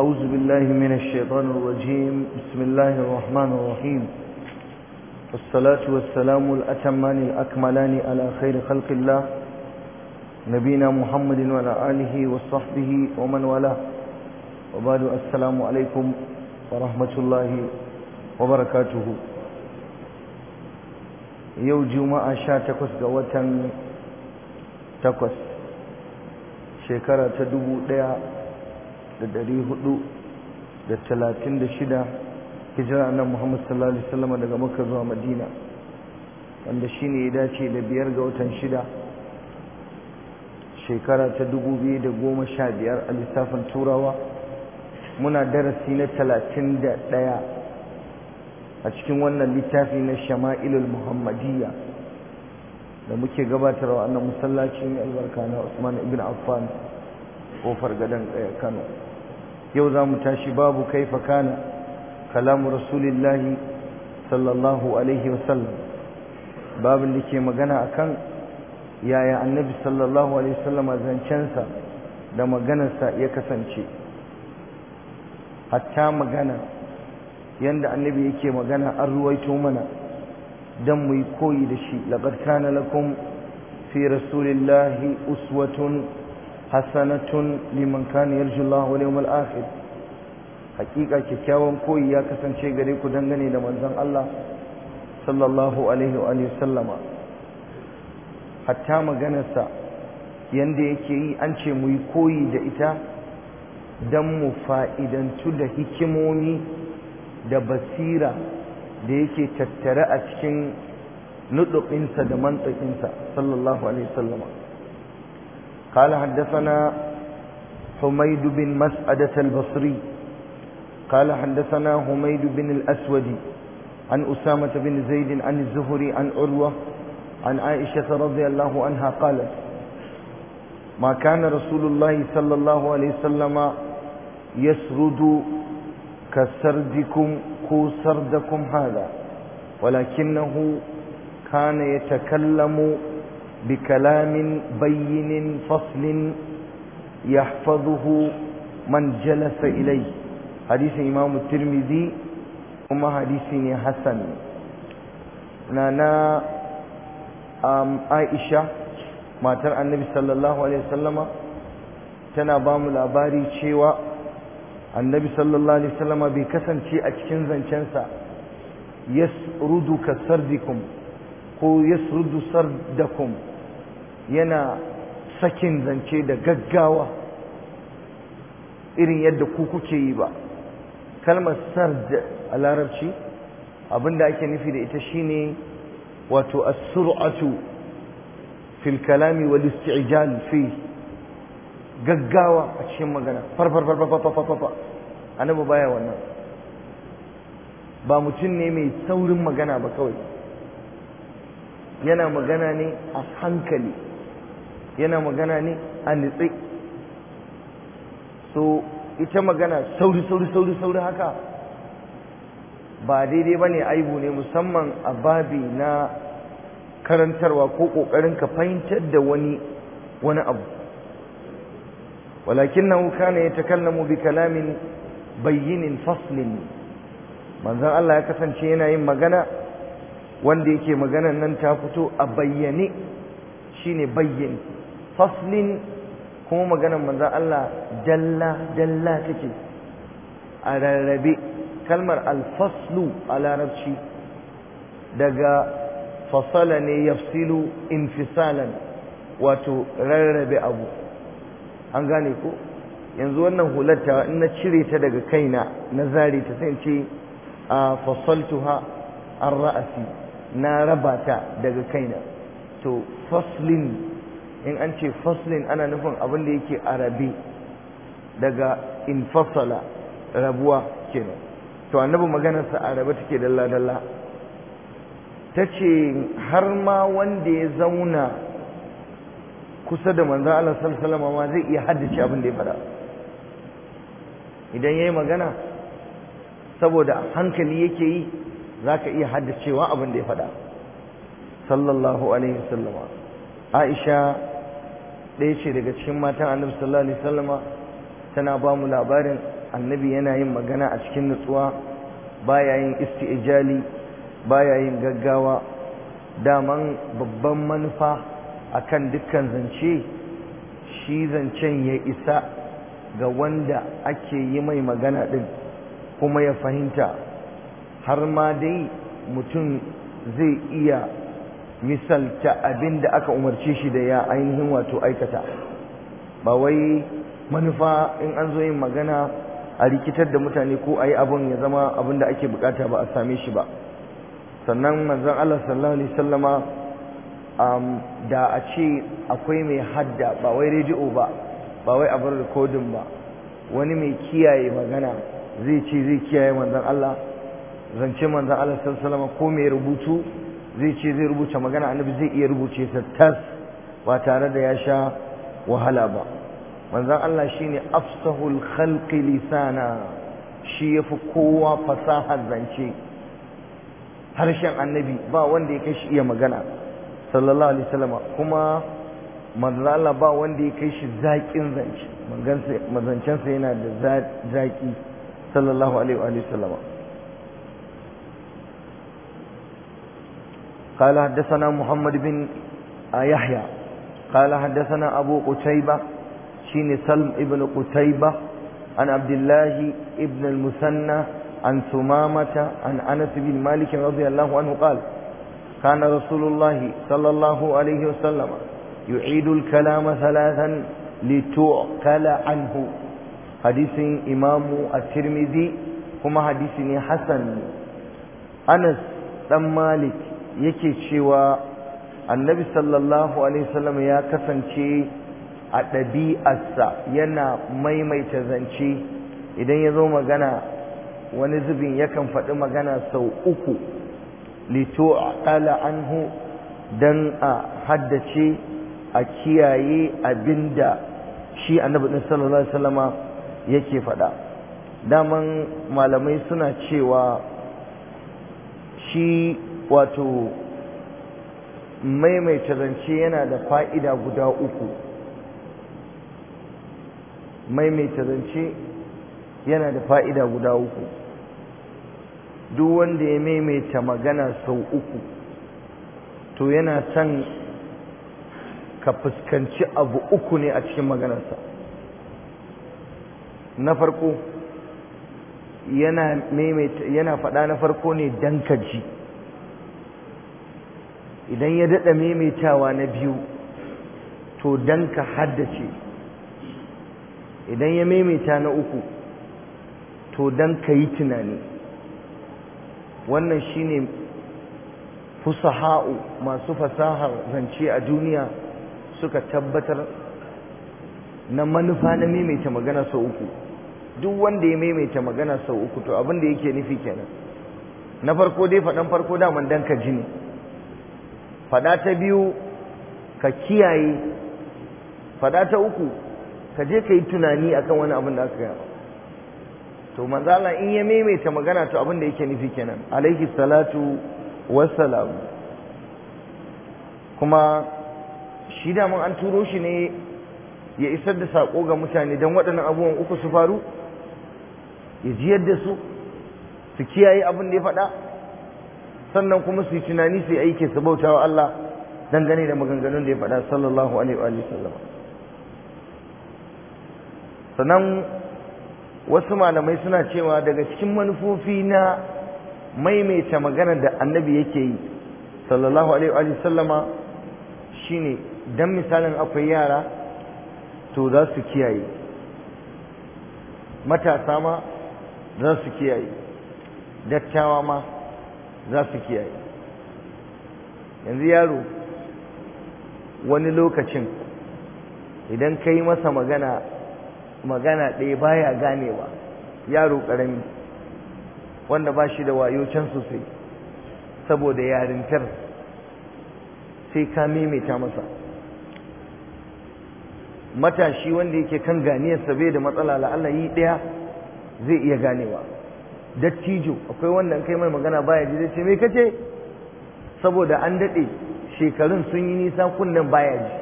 أعوذ بالله من الشيطان الرجيم بسم الله الرحمن الرحيم والصلاة والسلام الأتمان الأكملان على خير خلق الله نبينا محمد وعلى آله وصحبه ومن والاه وبعد السلام عليكم ورحمة الله وبركاته yau juma'a sha takwas ga watan takwas shekara ta dubu ɗaya da ɗari hudu da talatin shida hijira annabi Muhammad sallallahu alaihi wasallam daga Makka zuwa Madina wanda shine ya dace da biyar ga watan shida shekara ta dubu biyu goma sha biyar a lissafin turawa muna darasi na talatin da ɗaya a cikin wannan littafi na shama'ilul muhammadiyya da muke gabatarwa annan musallacin albarka na usman ibn affan kofar gadon eh, kano yau za mu tashi babu kaifa kana kalamu rasulillahi sallallahu alaihi wasallam babin da ke magana akan yaya annabi sallallahu alaihi wasallam zancensa da maganarsa ya kasance hatta magana yanda annabi yake magana an ruwaito mana dan mu yi koyi da shi laqad na lakum fi rasulillahi uswatun Hassanatun liman kana yarju Allah wal yawmal akhir kyakkyawan koyi ya kasance gare ku dangane da manzon Allah sallallahu alaihi wa alihi sallama hatta maganarsa yanda yake yi an ce mu yi koyi da ita dan mu fa'idantu da hikimomi da basira da yake tattare a cikin nuɗuɓinsa da mantakinsa sallallahu alaihi sallama قال حدثنا حميد بن مسعدة البصري قال حدثنا حميد بن الأسود عن أسامة بن زيد عن الزهري عن عروة عن عائشة رضي الله عنها قالت ما كان رسول الله صلى الله عليه وسلم يسرد كسردكم كو سردكم هذا ولكنه كان يتكلم بكلام بين فصل يحفظه من جلس إليه حديث إمام الترمذي وما حديث حسن نانا أم عائشة ما ترى النبي صلى الله عليه وسلم تنا بام الأباري شيوا النبي صلى الله عليه وسلم بكسن شيء أكشن زنشنسا يسرد كسردكم قو يسرد سردكم yana sakin zance da gaggawa irin yadda ku kuke yi ba kalmar sard a larabci abinda ake nufi da ita shine wato as-sur'atu fil kalami wal isti'jal fi gaggawa a cikin magana far far far far far far annabi baya wannan ba mutum ne mai saurin magana ba kawai yana magana ne a hankali yana magana ne a nitse so ita magana sauri sauri sauri sauri haka ba daidai ba ne aibu ne musamman a babi na karantarwa ko ƙoƙarin ka fahimtar da wani wani abu walakin na wuka ne ya takallamu bi kalamin bayyinin faslin manzan Allah ya kasance yana yin magana wanda yake magana nan ta fito a bayyane shine bayyane faslin kuma maganar manzan Allah jalla jalla take a rarrabe kalmar alfaslu a larabci daga fasala ne yafsilu infisalan wato rarrabe abu an gane ko yanzu wannan hulatta in na cire ta daga kaina na zare ta sai ce a fasaltuha an ra'asi na raba ta daga kaina to faslin in an ce faslin ana nufin abin da yake arabe daga fasala rabuwa ke kenan to annabi maganarsa arabe take dalla-dalla ta ce har ma wanda ya zauna kusa da manzan Allah salama ma zai iya haddace abin da ya fara idan ya magana saboda hankali yake yi zaka iya haddacewa abin da ya fada sallallahu alaihi wasallama aisha ɗaya ce daga cikin matan annabi sallallahu alaihi wasallama tana ba mu labarin annabi yana yin magana a cikin nutsuwa baya yin isti'jali baya yin gaggawa daman babban manufa akan dukkan zance shi zancen ya isa ga wanda ake yi mai magana din kuma ya fahimta har ma dai mutum zai iya misalta abin da aka umarce shi da ya ainihin wato aikata ba wai manufa in an zo yin magana a rikitar da mutane ko a yi abin ya zama abin da ake bukata ba a same shi ba sannan manzon Allah sallallahu alaihi sallama um, da a ce akwai mai hadda ba wai rediyo ba ba wai abin rikodin ba wani mai kiyaye magana zai ce zai kiyaye manzon Allah zance manzon Allah sallallahu alaihi sallama ko mai rubutu zai ce zai rubuta magana annabi zai iya rubuce ta tas ba tare da ya sha wahala ba manzan Allah shi ne afsahul khalqi lisana shi ya fi kowa fasahar zance harshen annabi ba wanda ya kai shi iya magana sallallahu alaihi wasallam kuma manzan Allah ba wanda ya kai shi zaƙin zance manzancensa yana da zaƙi sallallahu alaihi wasallam قال حدثنا محمد بن يحيى قال حدثنا أبو قتيبة شين سلم ابن قتيبة عن عبد الله ابن المثنى عن ثمامة عن أنس بن مالك رضي الله عنه قال كان رسول الله صلى الله عليه وسلم يعيد الكلام ثلاثا لتعقل عنه حديث إمام الترمذي كما حديث حسن أنس بن مالك yake cewa annabi sallallahu alaihi wasallam ya kasance a ɗabi'arsa yana maimaita zance idan ya zo magana wani zubin yakan faɗi magana sau uku lito ƙala, anhu don a haddace a kiyaye abinda shi annabi ɗin sallallahu alaihi wasallama yake faɗa daman malamai suna cewa shi wato maimaita zance yana da fa'ida guda uku maimaita zance yana da fa'ida guda uku duk wanda ya maimaita magana sau uku to yana son ka fuskanci abu uku ne a cikin maganarsa na farko yana yana faɗa na farko ne dan ka ji idan ya daɗa maimaitawa na biyu to dan ka haddace idan ya maimaita na uku to dan ka yi tunani wannan shine fusaha'u masu fasahar zance a duniya suka tabbatar na manufa na maimaita magana sau uku duk wanda ya maimaita magana sau uku to abin da yake nufi kenan na farko dai faɗan farko daman dan ka jini. fada ta biyu ka kiyaye fada ta uku ka je ka yi tunani akan wani abin da aka gaya to manzala in ya maimaita magana to abin da yake nufi kenan alaihi salatu wassalam kuma shi damar an turo shi ne ya isar da sako ga mutane don waɗannan abubuwan uku su faru ya ji yadda su su kiyaye abin da ya faɗa sannan kuma su yi tunani su yi aiki su bauta wa Allah dangane da maganganun da ya faɗa sallallahu alaihi wa sallam sannan wasu malamai suna cewa daga cikin manufofi na maimaita magana da annabi yake yi sallallahu alaihi wa sallama shine dan misalin akwai yara to za su kiyaye matasa ma za su kiyaye dattawa ma za su kiyaye yanzu yaro wani lokacin idan ka yi masa magana magana ɗaya baya ganewa yaro ƙarami wanda ba shi da wayo can sosai saboda yarintar sai ka maimaita masa matashi wanda yake kan ganiyarsa bai da matsala la'alla yi ɗaya zai iya ganewa dattijo akwai wanda kai mai magana baya ji zai ce me kace saboda an dade shekarun sun yi nisa kunnen baya ji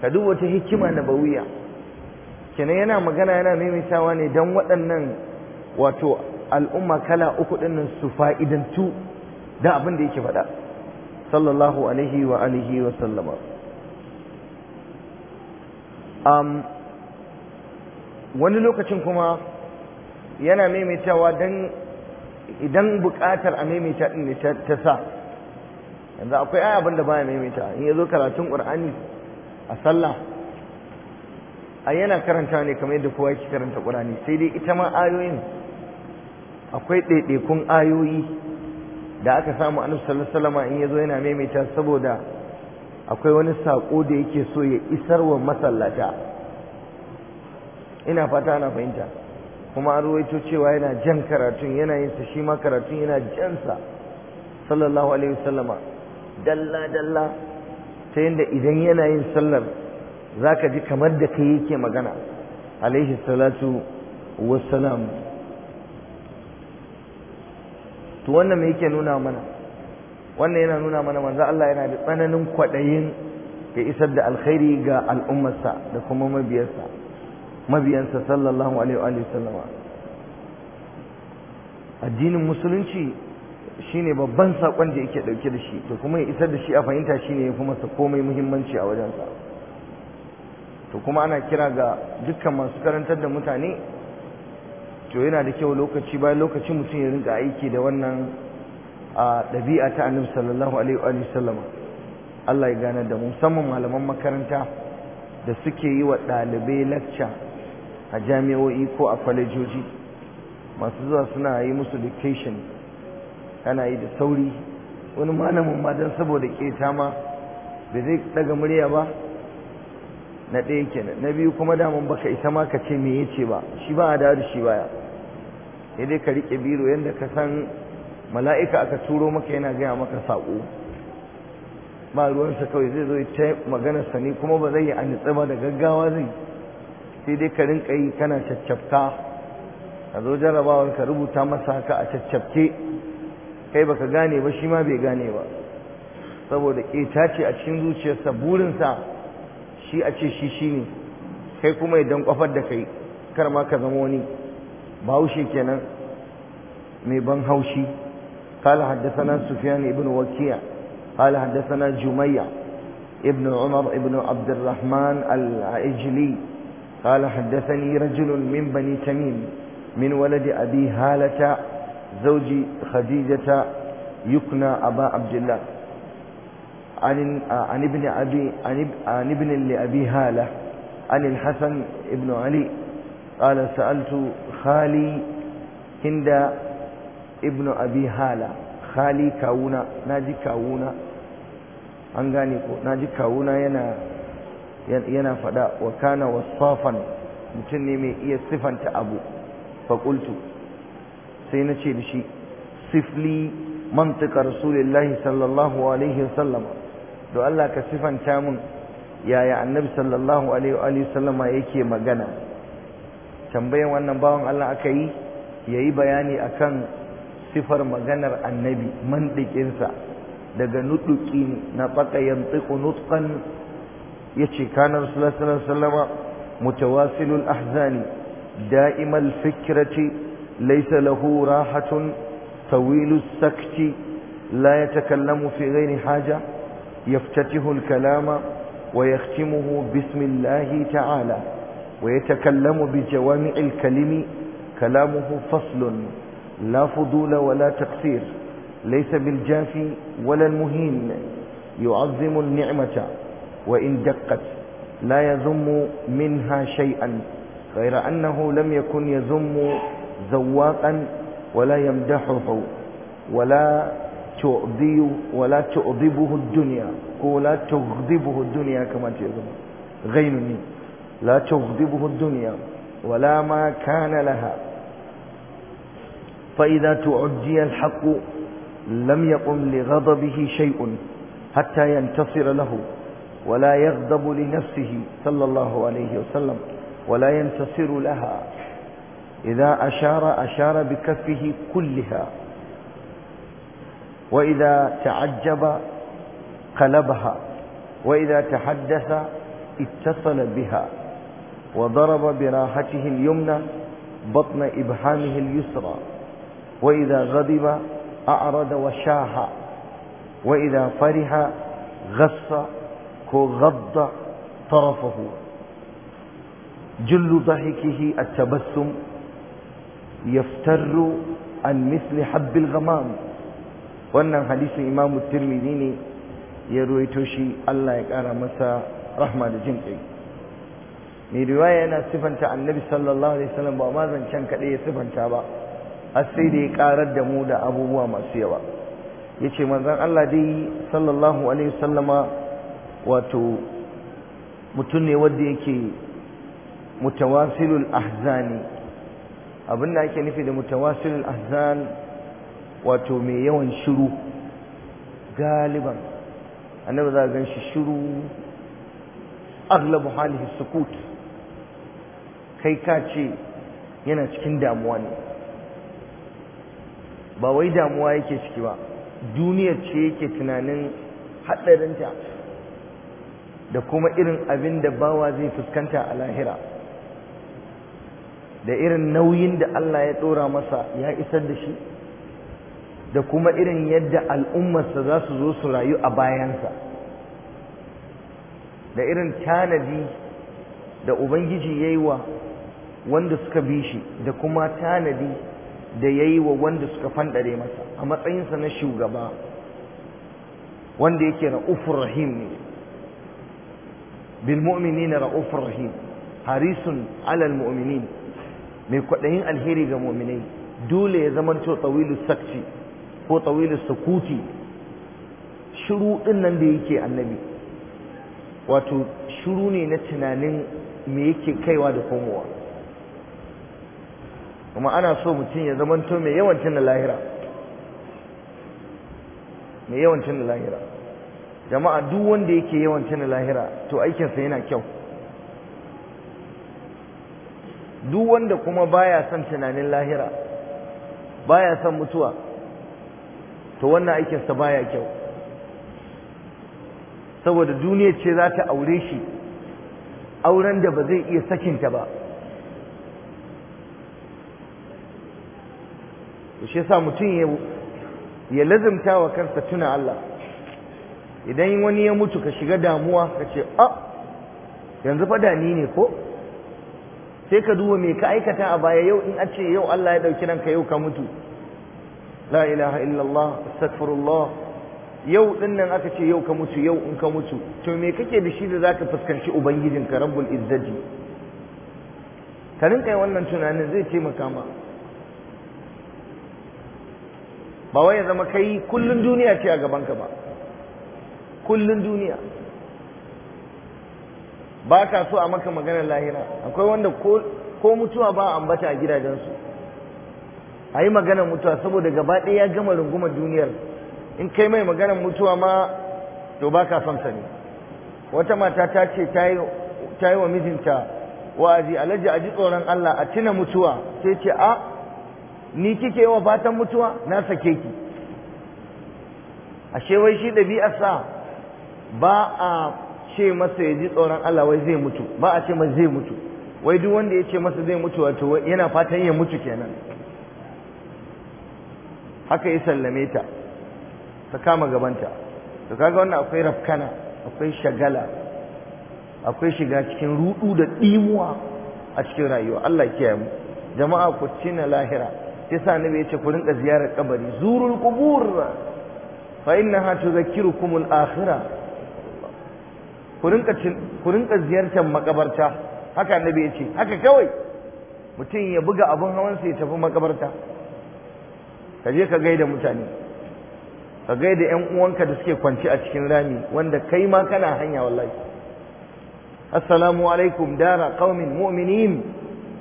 ka duba ta hikima na bawiya kenan yana magana yana shawa ne don waɗannan wato al'umma kala uku ɗinnan su fa'idantu da abin da yake faɗa sallallahu alaihi wa alihi wa sallama wani lokacin kuma yana maimaitawa don idan buƙatar a maimaita ɗin ne ta sa yanzu akwai ai abin da ya maimaita in ya zo karatun ƙur'ani a sallah a yana karanta ne kamar yadda kowa yake karanta ƙur'ani sai dai ita ma ayoyin akwai ɗaiɗaikun ayoyi da aka samu annabi sallallahu alaihi wasallam in ya zo yana maimaita saboda akwai wani sako da yake so ya isarwa masallata ina fata ana fahimta kuma an ruwaito cewa yana jan karatun yana yin sa shi ma karatun yana jan sa sallallahu alaihi wasallama dalla dalla ta yanda idan yana yin sallar zaka ji kamar da kai yake magana alaihi salatu wassalam to wannan me yake nuna mana wannan yana nuna mana manzo Allah yana da tsananin kwadayin ya isar da alkhairi ga al'ummarsa da kuma mabiyarsa mabiyansa sallallahu alaihi wa sallama addinin musulunci shine babban sakon da yake dauke da shi to kuma ya isar da shi a fahimta shine yafi masa komai muhimmanci a wajensa to kuma ana kira ga dukkan masu karantar da mutane to yana da kyau lokaci bayan lokaci mutum ya rinka aiki da wannan a dabi'a ta annabi sallallahu alaihi wa sallama Allah ya gane da musamman malaman makaranta da suke yi wa ɗalibai lacca a jami'o'i ko a kwalejoji masu zuwa suna yi musu dictation ana yi da sauri wani malamin ma don saboda keta ma bai zai daga murya ba na ɗaya kenan na biyu kuma daman baka isa ma ka ce me ce ba shi ba a dawo shi baya sai dai ka riƙe biro yadda ka san mala'ika aka turo maka yana gaya maka saƙo ba ruwansa kawai zai zo ya ta maganarsa ne kuma ba zai yi a nitsa ba da gaggawa zai sai dai ka rinka yi kana caccabta ka zo jarrabawar ka rubuta masa haka a caccabce kai baka gane ba shi ma bai gane ba saboda ƙeta ce a cikin zuciyarsa burinsa shi a ce shi shi ne kai kuma idan kwafar da kai kar ma ka zama wani bahaushe kenan mai ban haushi قال حدثنا سفيان بن وكيع قال حدثنا جميع ابن عمر ابن عبد الرحمن العجلي قال حدثني رجل من بني تميم من ولد أبي هالة زوج خديجة يكنى أبا عبد الله عن عن ابن أبي عن ابن لأبي هالة عن الحسن ابن علي قال سألت خالي هند ابن أبي هالة خالي كاونا ناجي كاونا أنغانيكو ناجي كاونا na ji yana fada wa kana wasafan mutum ne mai iya sifanta abu faƙultu sai na ce da shi sifli mantika rasulillahi sallallahu alaihi wasallam do Allah ka sifanta mun yaya annabi sallallahu alaihi wa sallama yake magana tambayan wannan bawan Allah aka yi yayi bayani akan sifar maganar annabi mandikinsa daga nutuki na tsaka yantiku nutqan يتشي كان رسول الله صلى الله عليه وسلم متواصل الأحزان دائم الفكرة ليس له راحة طويل السكت لا يتكلم في غير حاجة يفتته الكلام ويختمه بسم الله تعالى ويتكلم بجوامع الكلم كلامه فصل لا فضول ولا تقصير ليس بالجافي ولا المهين يعظم النعمة وإن دقت لا يذم منها شيئا غير أنه لم يكن يذم زواقا ولا يمدحه ولا تؤذي ولا تؤذبه الدنيا ولا تغضبه الدنيا كما تقول غينني لا تغضبه الدنيا ولا ما كان لها فإذا تعجي الحق لم يقم لغضبه شيء حتى ينتصر له ولا يغضب لنفسه صلى الله عليه وسلم ولا ينتصر لها إذا أشار أشار بكفه كلها وإذا تعجب قلبها وإذا تحدث اتصل بها وضرب براحته اليمنى بطن إبهامه اليسرى وإذا غضب أعرض وشاح وإذا فرح غص غض طرفه جل ضحكه التبسم يفتر عن مثل حب الغمام وانا حديث الإمام الترمذي يروي توشي الله يكرا مسا رحمة الجنكي من رواية أنا سفنت عن النبي صلى الله عليه وسلم وماذا كان كده سفنت أبا السيد كارد مودة أبو وما سيوا يتي من الله دي صلى الله عليه وسلم wato mutum ne wadda yake mutawasilul ahzani abin da ake nufi da mutawasilul ahzan wato mai yawan shiru galiban annabi za gan shi shiru aglabu halihi sukut kai ka ce yana cikin damuwa ne ba wai damuwa yake ciki ba duniyar ce yake tunanin haɗarinta da kuma irin abin da bawa zai fuskanta a lahira da irin nauyin da Allah ya ɗora masa ya isar da shi da kuma irin yadda al'ummarsa za su zo su rayu a bayansa da irin tanadi da Ubangiji ya yi wa wanda suka bi shi da kuma tanadi da ya yi wa wanda suka fanɗare masa a matsayinsa na shugaba wanda yake na ufur rahim ne bilmu'minina ra'ufur rahim harisun alal mai kwaɗayin alheri ga mu'minai dole ya zamanto tawilu sakci ko tawilu sukuti shiru din nan da yake annabi wato shiru ne na tunanin me yake kaiwa da komowa kuma ana so mutum ya zamanto mai yawancin lahira mai yawancin lahira jama'a duk wanda yake yawan tuna lahira to aikinsa yana kyau duk wanda kuma baya son tunanin lahira baya son mutuwa to wannan aikinsa baya kyau saboda duniya ce za ta aure shi auren da ba zai iya sakinta ba shi yasa mutum ya lazimta wa kansa tuna Allah idan wani ya mutu ka shiga damuwa ka ce a yanzu fada ni ne ko sai ka duba mai ka aikata a baya yau in a ce yau Allah ya dauki ranka yau ka mutu la ilaha illallah astaghfirullah yau din nan aka ce yau ka mutu yau in ka mutu to me kake da shi da za ka fuskanci Ubangijin ka rabbul izzati ka rinka wannan tunanin zai taimaka ma ba wai ya zama kai kullum duniya ce a gabanka ba kullun duniya ba ka so a maka maganar lahira akwai wanda ko mutuwa ba ambata a gidajensu a yi maganar mutuwa saboda gaba ɗaya ya gama rungumar duniyar in kai mai maganar mutuwa ma to ba ka son ne wata mata ta ce ta yi wa mijinta wa'azi alaji a ji tsoron Allah a tuna mutuwa sai ce a ni kike wa fatan mutuwa na sake ki ashe wai shi ɗabi'ar sa ba a ce masa ya ji tsoron Allah wai zai mutu ba a ce masa zai mutu wai duk wanda ya ce masa zai mutu wato yana fatan ya mutu kenan haka ya sallame ta ta kama gabanta to kaga wannan akwai rafkana akwai shagala akwai shiga cikin rudu da dimuwa a cikin rayuwa Allah ya kiyaye mu jama'a ku cina lahira yasa ya yace ku rinka ziyarar kabari zurul qubur fa innaha tudhakkirukum al-akhirah ku rinka ziyartar makabarta haka annabi ya ce haka kawai mutum ya buga abin hawansa ya tafi makabarta ka je ka gaida mutane ka gaida yan uwanka da suke kwanci a cikin rami wanda kai ma kana hanya wallahi assalamu alaikum dara qaumin mu'minin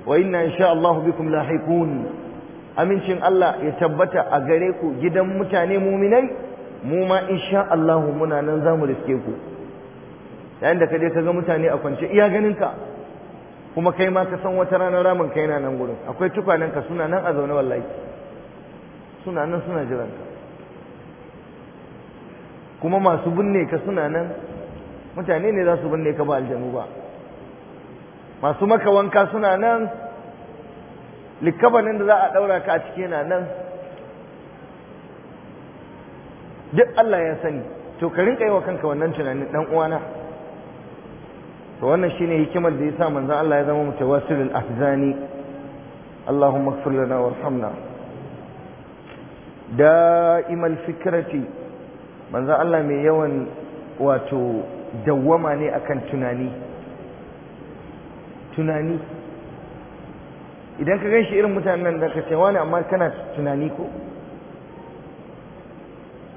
wa inna insha Allah bikum lahiqun amincin Allah ya tabbata a gare ku gidan mutane mu'minai mu ma insha Allah muna nan zamu riske ku yayin da ka je ka ga mutane a kwance iya ganin ka kuma kai ma ka san wata ranar ramin ka yana nan gurin akwai tukwanen ka suna nan a zaune wallahi suna nan suna jiran ka kuma masu binne ka suna nan mutane ne za su binne ka ba aljanu ba masu maka wanka suna nan likabanin da za a daura ka a ciki yana nan duk Allah ya sani to ka rinka yi wa kanka wannan tunanin dan uwana to wannan shine hikimar da yasa manzon Allah ya zama mutawassilul ahzani Allahumma اغفر لنا وارحمنا دائم الفكرة من ذا الله مي يوان واتو دوما ني أكن تناني tunani idan ka ganshi irin mutanen nan da ka ce wani amma kana tunani ko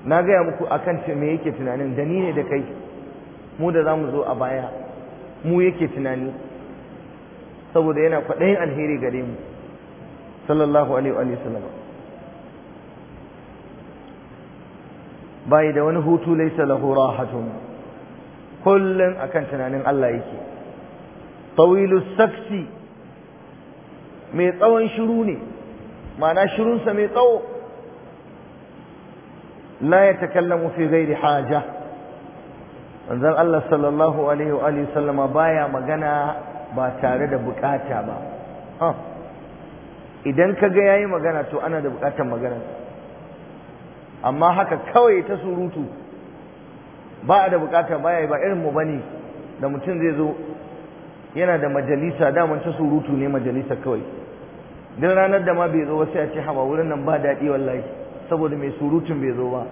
na gaya muku akan ce me yake tunanin da ni ne da kai mu da za mu zo a baya mu yake tunani saboda yana kwaɗayin alheri gare mu sallallahu alaihi bai da wani hutu laysa lahu rahatun kullun akan tunanin Allah yake tawilu saksi mai tsawon shiru ne ma'ana shirunsa mai tsawo la yatakallamu fi ghairi haja manzon Allah sallallahu alaihi wa alihi sallama baya magana ba tare da bukata ba idan ka ga yayi magana to ana da bukatar magana amma haka kawai ta surutu ba da bukata baya ba irin mu bane da mutum zai zo yana da majalisa daman ta surutu ne majalisa kawai duk ranar da ma bai zo wasu ya ce hawa wurin nan ba daɗi wallahi saboda mai surutun bai zo ba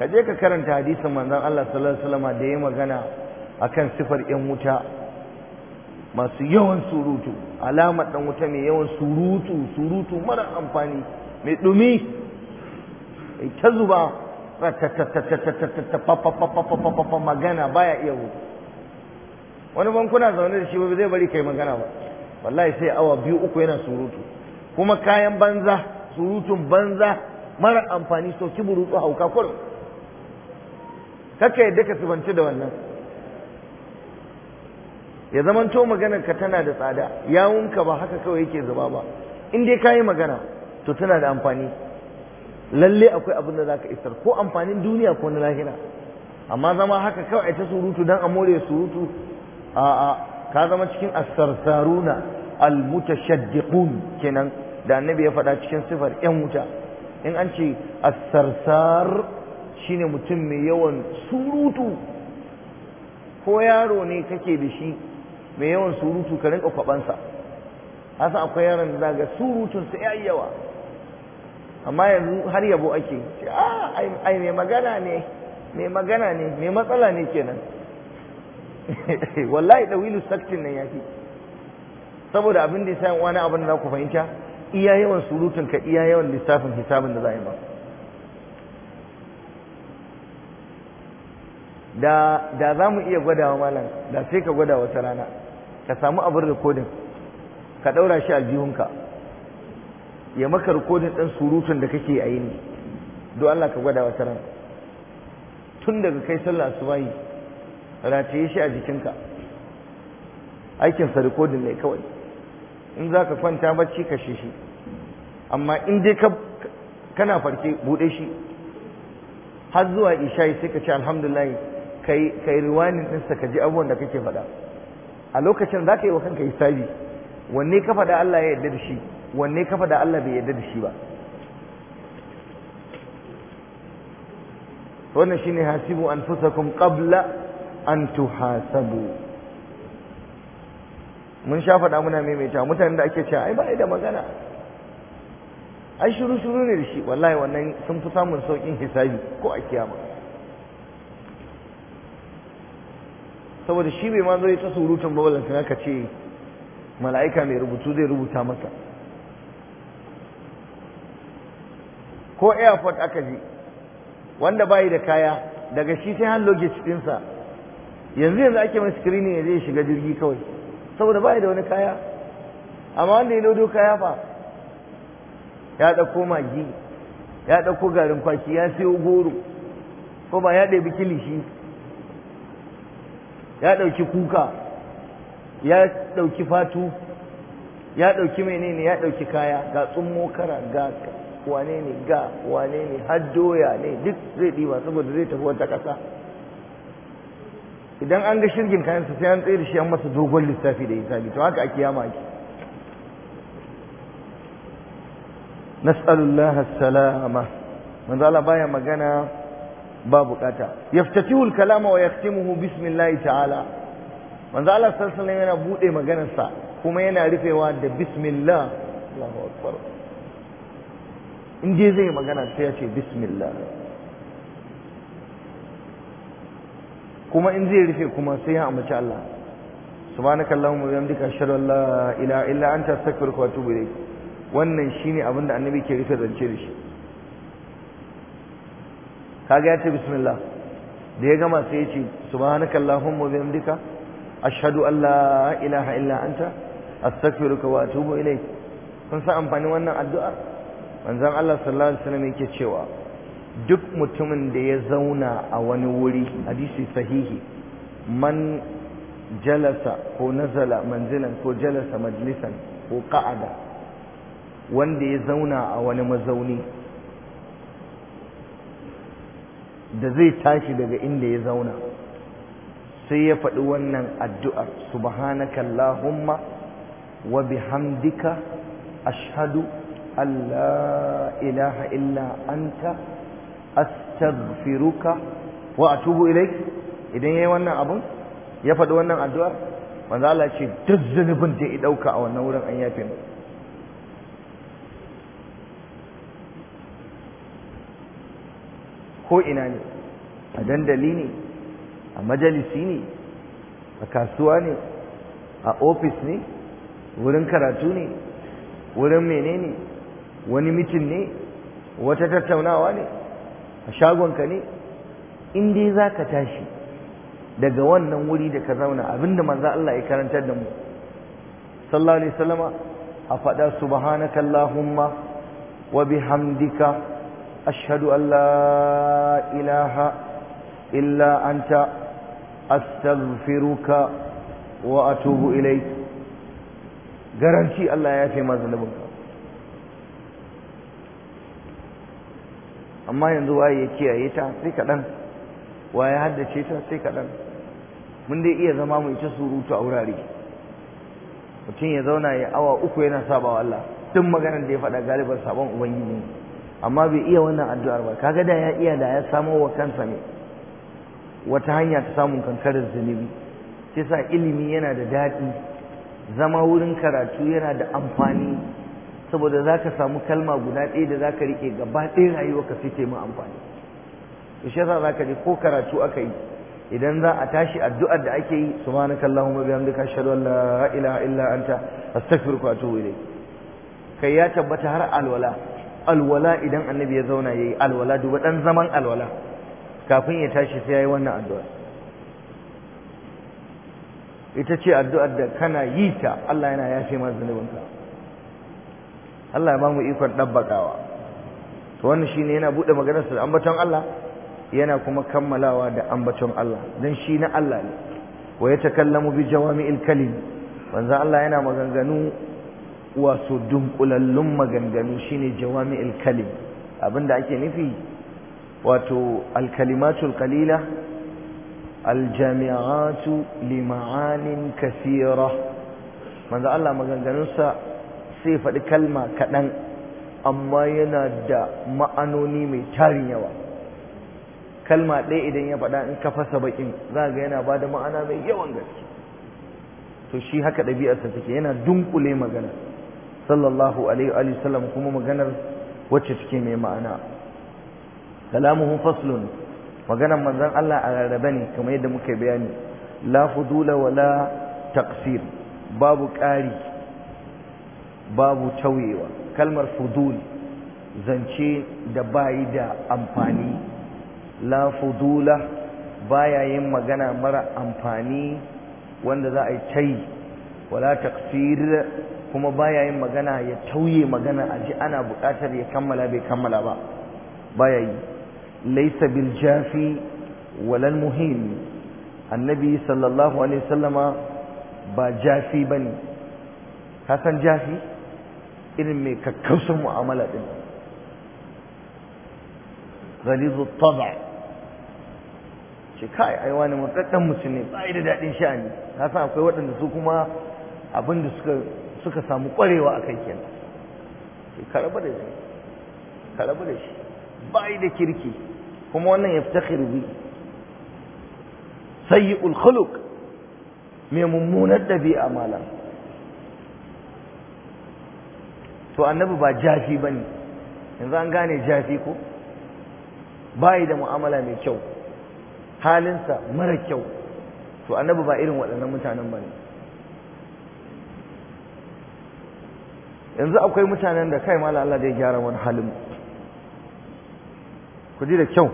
ka je ka karanta hadisin manzon Allah sallallahu alaihi wasallam da ya magana akan sifar yan wuta masu yawan surutu alamar ɗan wuta mai yawan surutu surutu mara amfani mai dumi ta zuba magana baya iya wuce wani bankuna zaune da shi ba zai bari kai magana ba wallahi sai awa biyu uku yana surutu kuma kayan banza surutun banza mara amfani so kiburu burutu hauka kurum kaka yadda ka sifanci da wannan ya zamanto maganar ka tana da tsada yawunka ba haka kawai yake zuba ba in dai kayi magana to tana da amfani lalle akwai abin da za ka isar ko amfanin duniya ko na lahira amma zama haka kawai ta surutu don a more surutu a'a ka zama cikin asarsaruna almutashaddiqun kenan da annabi ya faɗa cikin sifar yan wuta in an ce asarsar Shi ne mutum mai yawan surutu ko yaro ne kake da shi mai yawan surutu ka rinka kwabansa hasa akwai yaron da ga surutun sa yayi yawa amma yanzu har yabo ake a ah, ai mai magana ne mai magana ne mai matsala ne kenan wallahi wilu saktin nan yafi saboda abin da yasa wani abin da ku fahimta iya yawan surutun ka iya yawan lissafin hisabin da za a yi ba da da za mu iya gwadawa malam da sai ka gwada wata rana ka samu abin rikodin ka ɗaura shi a jihunka ya maka rikodin ɗan surutun da kake a ne don Allah ka gwada wata rana tun daga kai sallah asubahi rataye shi a jikinka aikinsa rikodin ne kawai in za ka kwanta bacci ka shi amma in dai ka kana farke buɗe shi har zuwa isha'i sai ka ce alhamdulillah kai kai riwani din sa kaji abubuwan da kake faɗa a lokacin za ka yi wa kanka hisabi wanne ka fada Allah ya yarda da shi wanne ka fada Allah bai yarda da shi ba wannan shine hasibu anfusakum qabla an tuhasabu mun sha faɗa muna maimaita mutanen da ake cewa ai ba da magana ai shuru shuru ne da shi wallahi wannan sun fi samun saukin hisabi ko a kiyama saboda shi bai ma zai ta surutun ba balantana ka ce mala'ika mai rubutu zai rubuta masa ko airport aka ji wanda bayi da kaya daga shi sai hand luggage ɗinsa yanzu yanzu ake mai screening ya zai shiga jirgi kawai saboda bayi da wani kaya amma wanda ya lodo kaya fa ya dauko magi ya dauko garin kwaki ya siyo goro ko ba ya ɗebi kilishi ya ɗauki kuka ya ɗauki fatu ya ɗauki menene ya ɗauki kaya ga tsummo kara ga wane ne ga wane ne har doya ne duk zai ɗiba saboda zai tafi wata ƙasa idan an ga shirgin kayansa sai an tsaye da shi an masa dogon lissafi da hisabi to haka ake yama ake nas'alullah salama manzo Allah baya magana ba kata yaftatihu al-kalama wa yaktimuhu bismillah ta'ala manzo Allah sallallahu alaihi yana bude maganarsa kuma yana rufewa da bismillah Allahu akbar in zai magana sai ya ce bismillah kuma in zai rufe kuma sai ya amince Allah subhanaka allahumma wa bihamdika ashhadu an la ilaha illa anta astaghfiruka wa atubu ilayk wannan shine abinda annabi ke rufe zance da shi kaga ya ce bismillah da ya gama sai ya ce subhanaka allahumma wa bihamdika ashhadu an la ilaha illa anta astaghfiruka wa atubu ilayk kun san amfani wannan addu'a manzon Allah sallallahu alaihi wasallam yake cewa duk mutumin da ya zauna a wani wuri hadisi sahihi man jalasa ko nazala manzilan ko jalasa majlisan ko qa'ada wanda ya zauna a wani mazauni da zai tashi daga inda ya zauna sai ya faɗi wannan addu'ar subhanaka Allahumma wa bihamdika ashhadu an ilaha illa anta astaghfiruka wa atubu ilaik idan yayi wannan abun ya faɗi wannan addu'ar manzo Allah ce duk zunubin da ya ɗauka a wannan wurin an yafe mu. ko ina ne a dandali ne a majalisi ne a kasuwa ne a ofis ne wurin karatu ne wurin menene wani mitin ne wata tattaunawa ne a shagonka ne in dai za ka tashi daga wannan wuri da ka zauna abinda manza Allah ya karantar da mu sallallahu alaihi wasallama a faɗa subhanakallahumma wa bihamdika أشهد أن لا إله إلا أنت أستغفرك وأتوب إليك garanci Allah ya ce mazalibinka amma yanzu waye ya kiyaye ta sai kaɗan waye haddace ta sai kaɗan mun dai iya zama mu ita surutu a wurare mutum ya zauna ya awa uku yana sabawa Allah duk maganar da ya faɗa galibar sabon ubangiji ne amma bai iya wannan addu'ar ba kaga da ya iya da ya samo wa kansa ne wata hanya ta samun kankarar zunubi sai sa ilimi yana da daɗi zama wurin karatu yana da amfani saboda za ka samu kalma guda ɗaya da za ka riƙe gaba ɗaya rayuwa ka fice mu amfani to shi yasa za ko karatu aka yi idan za a tashi addu'ar da ake yi subhanaka allahumma bihamdika ashhadu an la ilaha illa anta astaghfiruka wa atubu ilayk kai ya tabbata har alwala alwala idan annabi ya zauna yayi alwala duba dan zaman alwala kafin ya tashi sai yayi wannan addu'a ita ce addu'ar da kana yi ta Allah yana yafe maka zanubinka Allah ya ba mu ikon dabbakawa to wannan shine yana bude maganar sa ambaton Allah yana kuma kammalawa da ambaton Allah dan shi na Allah ne wa yatakallamu bi jawami'il kalim manzo Allah yana maganganu wato dunkulallun maganganu shine jawami'ul kalim abinda ake nufi wato alkalimatul qalila aljami'atu lima'anin kasira manzo Allah maganganunsa sai faɗi kalma kaɗan amma yana da ma'anoni mai tarin yawa kalma ɗaya idan ya faɗa in ka fasa baƙin, za ga yana ba da ma'ana mai yawan gaske to shi haka ɗabi'arsa take yana dunkule magana sallallahu alaihi wa sallam kuma maganar wacce take mai ma'ana kalamuhu faslun maganar manzon Allah a rarrabe ne kamar yadda muka bayani la fudula la taqsir babu ƙari babu tauyewa kalmar fudul zance da bayi da amfani la fudula baya yin magana mara amfani wanda za a yi tai wala taqsir kuma baya yin magana ya tauye magana a ji ana buƙatar ya kammala bai kammala ba baya yi laisa bil jafi walal muhim annabi sallallahu alaihi sallama ba jafi bane ka san jafi irin mai kakkausar mu'amala din ghalizu tab'a ce kai ai wani mutsattan mutum ne ba da dadin sha'ani ka san akwai waɗanda su kuma abin da suka suka samu kwarewa akan kenan karaba da shi karaba da shi bai da kirki kuma wannan ya fita bi sayyi'ul khuluq mai mummunar dabi'a malam to annabi ba jafi bane yanzu an gane jafi ko bai da mu'amala mai kyau halinsa mara kyau to annabi ba irin waɗannan mutanen bane yanzu akwai mutanen da kai mala Allah zai gyara wani halin ku ji da kyau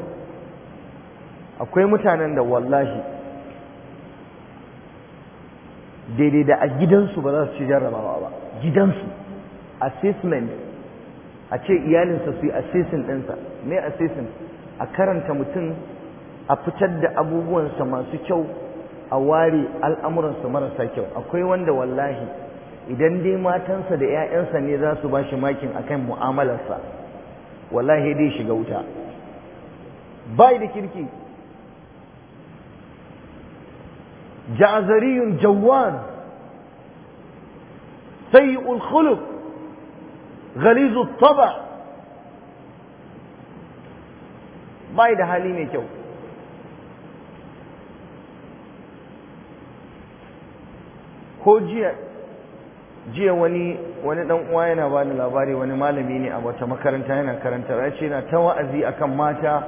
akwai mutanen da wallahi daidai da a gidansu ba za su ci jarrabawa ba gidansu assessment a ce iyalinsa su yi assessment ɗinsa mai assessment a karanta mutum a fitar da abubuwansa masu kyau a ware al'amuransa marasa kyau akwai wanda wallahi idan dai matansa da 'ya'yansa ne za su ba shi makin akan mu'amalarsa wallahi dai shiga wuta bai da kirki ja'zariyun jawwan sayyi'ul khuluq ghalizut taba' bai da hali mai kyau ko jiya jiya wani wani dan uwa yana bani labari wani malami ne a wata makaranta yana karanta ya ce yana ta wa'azi akan mata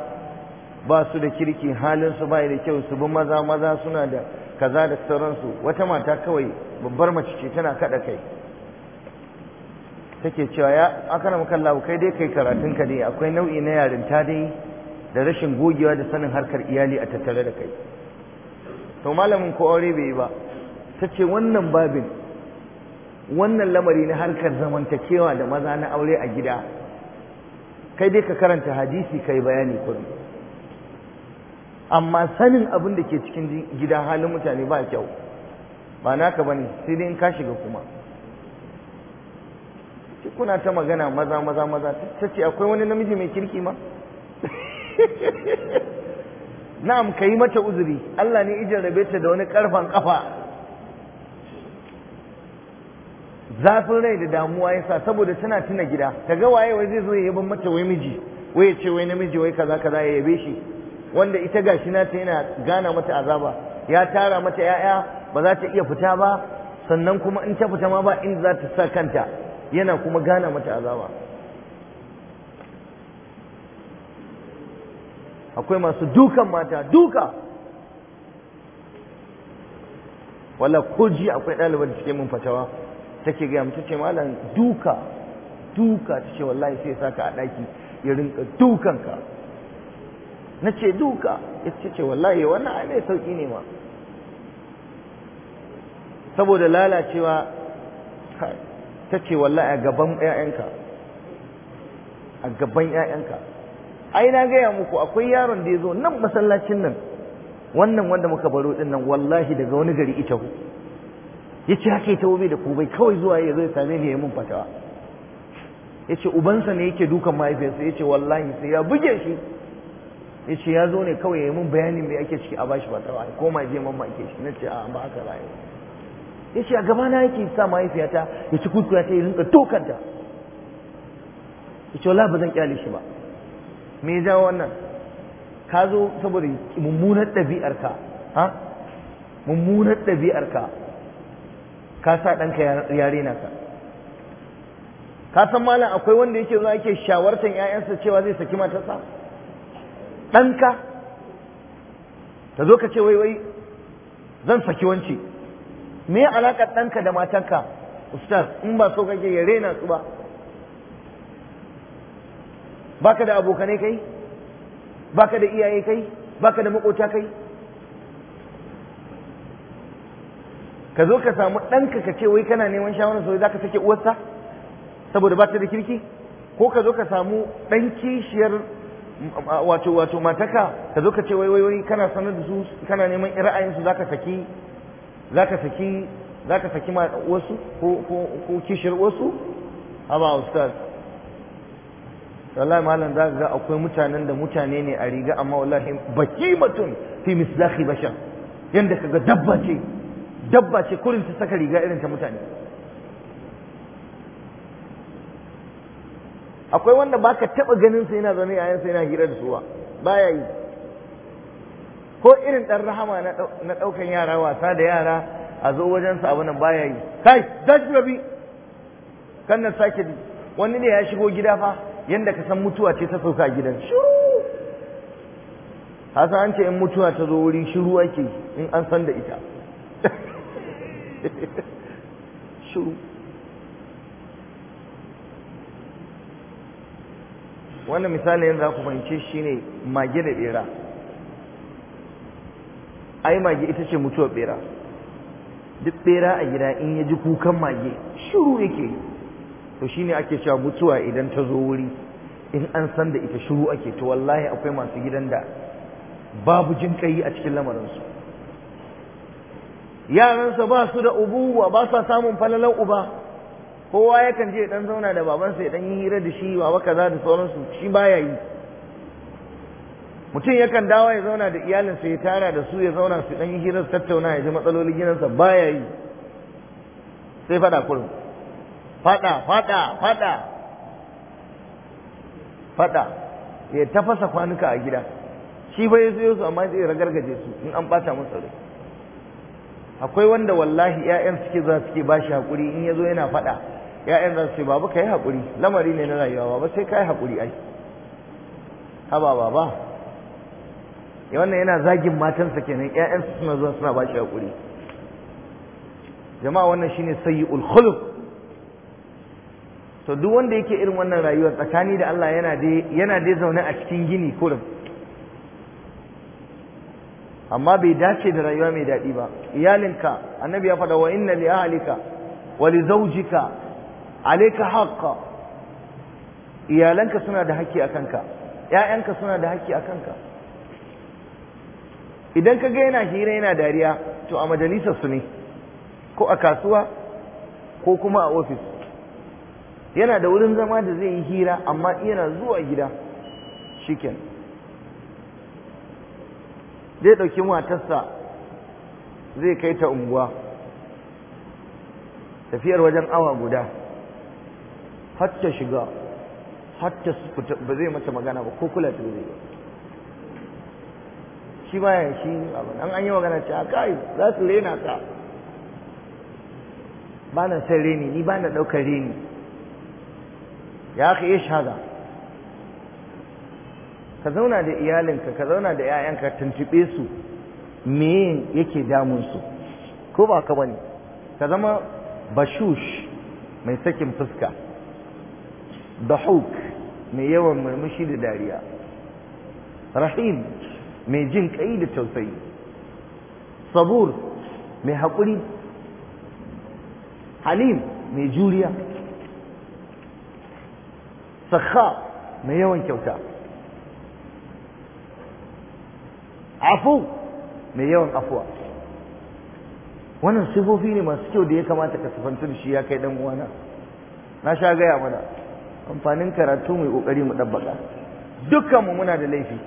ba su da kirki halin su bai da kyau su bi maza maza suna da kaza da sauransu wata mata kawai babbar mace ce tana kada kai take cewa ya akana maka Allah kai dai kai karatun ka dai akwai nau'i na yarinta dai da rashin gogewa da sanin harkar iyali a tattare da kai to malamin ko aure bai yi ba tace wannan babin wannan lamari na harkar zamantakewa da maza na aure a gida kai dai ka karanta hadisi kai bayani kudu amma sanin abin da ke cikin gida halin mutane ba kyau ba naka bane sai dai in ka shiga kuma kuna ta magana maza maza maza ta ce akwai wani namiji mai kirki ma na'am kai mata uzuri Allah ne ijin rabe ta da wani karfan kafa zafin rai da damuwa yasa saboda tana tuna gida kaga waye wai zai zo ya yaban mata wai miji wai ya ce wai namiji wai kaza kaza ya yabe shi wanda ita gashi na ta yana gana mata azaba ya tara mata yaya ba za ta iya fita ba sannan kuma in ta fita ma ba inda za ta sa kanta yana kuma gana mata azaba akwai masu dukan mata duka wala kuji akwai ɗaliban da suke mun fatawa take gaya mutu ce malam duka duka ta ce wallahi sai sa ka a ɗaki ya rinka dukanka na ce duka ya ce ce wallahi wannan ai mai sauki ne ma saboda lalacewa ta ce wallahi a gaban ‘ya'yanka a gaban ‘ya'yanka ai na gaya muku akwai yaron da ya zo nan masallacin nan wannan wanda muka baro ɗin nan wallahi daga wani gari ita ku. ya ce haka ya tawo da kubai kawai zuwa ya zai same ni ya mun fatawa ya ce ubansa ne yake dukan mahaifiyarsa ya ce wallahi sai ya buge shi ya ce ya zo ne kawai ya mun bayanin mai ake ciki a bashi fatawa ko ma je mamma ake shi na ce a ba haka rayu ya ce a gaba na yake sa mahaifiyata ya ci kuskura ta yi rinka tokanta ya ce wallahi ba zan kyale shi ba me ya jawo wannan ka zo saboda mummunar ɗabi'arka ha mummunar ɗabi'arka ka sa ɗanka ya rena ka ka san malam akwai wanda yake zuwa yake shawartan ƴaƴansa cewa zai saki matarsa ɗanka ta zo ka ce wai wai zan saki wance me alaƙa ɗanka da matanka ustaz in ba so kake ya rena su ba baka da abokanai kai baka da iyaye kai baka da makota kai ka zo ka samu ɗanka ka ce wai kana neman shawarar sauri za ka sake uwarsa saboda ba ta da kirki ko ka zo ka samu ɗan kishiyar wato wato mataka ka zo ka ce wai wai kana sanar da su kana neman ra'ayin su zaka saki zaka saki zaka saki ma wasu ko ko ko kishiyar wasu haba ustaz wallahi malam za ga akwai mutanen da mutane ne a riga amma wallahi baki mutum fi mislahi bashar yanda kaga dabba ce dabba ce kurin ta saka riga irin ta mutane akwai wanda baka taba ganin sa yana zaune yayin sa yana hira da suwa baya yi ko irin dan rahama na daukan yara wasa da yara a zo wajen sa abu nan baya yi kai dashi rabi kan nan sake bi wani ne ya shigo gida fa yanda ka san mutuwa ce ta sauka gidan shiru hasan an ce in mutuwa ta zo wuri shiru ake in an san da ita shuru wannan misali yadda za ku fahimci shi ne mage da bera ai mage ita ce mutuwar bera duk bera a gida in ya ji kukan mage shuru yake to shi ne ake cewa mutuwa idan ta zo wuri in an san da ita shuru ake to wallahi akwai masu gidan da babu jin kai a cikin lamarinsu yaransa ba su da ubuwa ba sa samun falalan uba kowa yakan je dan zauna da babansa ya dan yi hira da shi baba kaza da sauransu shi baya yi mutum yakan dawo ya zauna da iyalinsa ya tara da su ya zauna su dan yi hira su tattauna ya ji matsalolin gidansa baya yi sai fada kurum fada fada fada fada ya tafasa kwanuka a gida shi bai ya su amma zai ragargaje su in an bata masa rai akwai wanda wallahi ƴaƴan suke za suke ba shi in ya zo yana faɗa ƴaƴan za su ce babu ka yi lamari ne na rayuwa ba sai ka yi ha ba ba baba ya wannan yana zagin matansa kenan ƴaƴan su suna zuwa suna ba shi jama'a wannan shine sayyul khuluq to duk wanda yake irin wannan rayuwar tsakani da Allah yana dai yana dai zaune a cikin gini kurum amma bai dace da rayuwa mai daɗi ba iyalinka annabi ya faɗa wa inna li ahlika wa li zawjika alayka haqqan iyalanka suna da haƙƙi a kanka ƴaƴanka suna da haƙƙi a kanka idan ka ga yana hira yana dariya to a majalisar su ne ko a kasuwa ko kuma a ofis yana da wurin zama da zai yi hira amma yana zuwa gida shikenan zai ɗauki matarsa zai kai ta unguwa tafiyar wajen awa guda hatta shiga hatta fita ba zai mata magana ba ko kula ta zai shi baya shi an an yi magana ce a kai za su rena ka ba na san reni ni ba na ɗaukar reni ya ka yi shaga ka zauna da iyalinka ka zauna da 'ya'yanka tuntube su me yake damun su ko ba ka bane ka zama bashush mai sakin fuska dahuk mai yawan murmushi da dariya rahim mai jin kai da tausayi sabur mai haƙuri halim mai juriya sakha mai yawan kyauta afu mai yawan afuwa wannan sifofi ne masu kyau da ya kamata ka sifantu da shi ya kai dan uwana na sha gaya mana amfanin karatu mai kokari mu dabbaka dukkan mu muna da laifi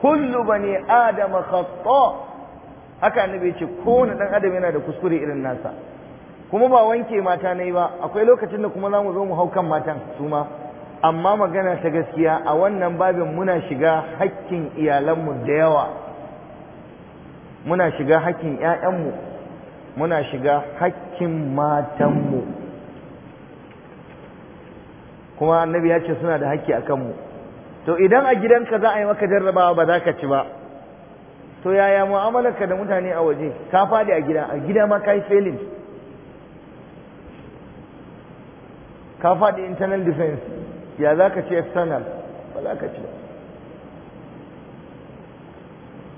kullu bani adama khata haka annabi ya ce kowane dan adam yana da kuskure irin nasa kuma ba wanke mata nayi ba akwai lokacin da kuma zamu mu zo mu hau matan su ma amma magana ta gaskiya a wannan babin muna shiga hakkin iyalanmu da yawa muna shiga hakkin ƴaƴanmu muna shiga hakkin matanmu kuma annabi ya ce suna da hakki a kanmu to idan a gidanka za a yi maka jarrabawa ba za ka ci ba to yaya mu'amalarka da mutane a waje ka faɗi a gida a gida ma ka yi failing ka faɗi internal defense ya za ka ci external ba za ka ba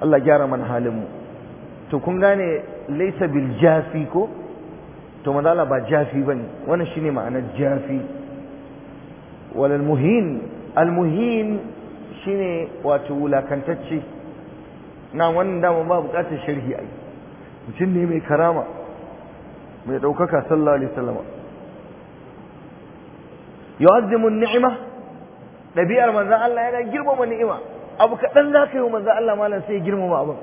Allah gyara man halinmu to kun gane laisa bil jafi ko to manzala ba jafi bane wannan shine ma'anar jafi wal muhin al muhin shine wato wulakantacce na wannan dama ba bukatar sharhi ai mutum ne mai karama mai daukaka sallallahu alaihi wasallam yu'azzimu an-ni'ma dabi'ar manzon Allah yana girmama ni'ima abu kadan zaka yi manzon Allah malam sai girmama abin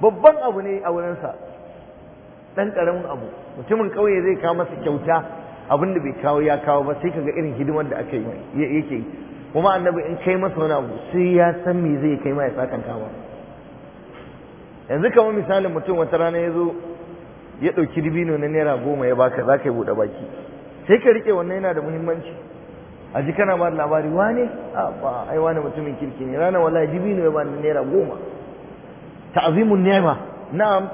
babban abu ne a wurinsa ɗan ƙaramin abu mutumin ƙauye zai kawo masa kyauta abin da bai kawo ya kawo ba sai kaga irin hidimar da aka yi yake yi kuma annabi in kai masa wani abu sai ya san me zai kai ma ya sakan kawo yanzu kamar misalin mutum wata rana ya zo ya ɗauki dibino na naira goma ya baka za ka buɗe baki sai ka riƙe wannan yana da muhimmanci a ji kana ba labari wane a ba ai wane mutumin kirki ne ranar wallahi dibino ya ba ni naira goma ta'zimun ni'ma na'am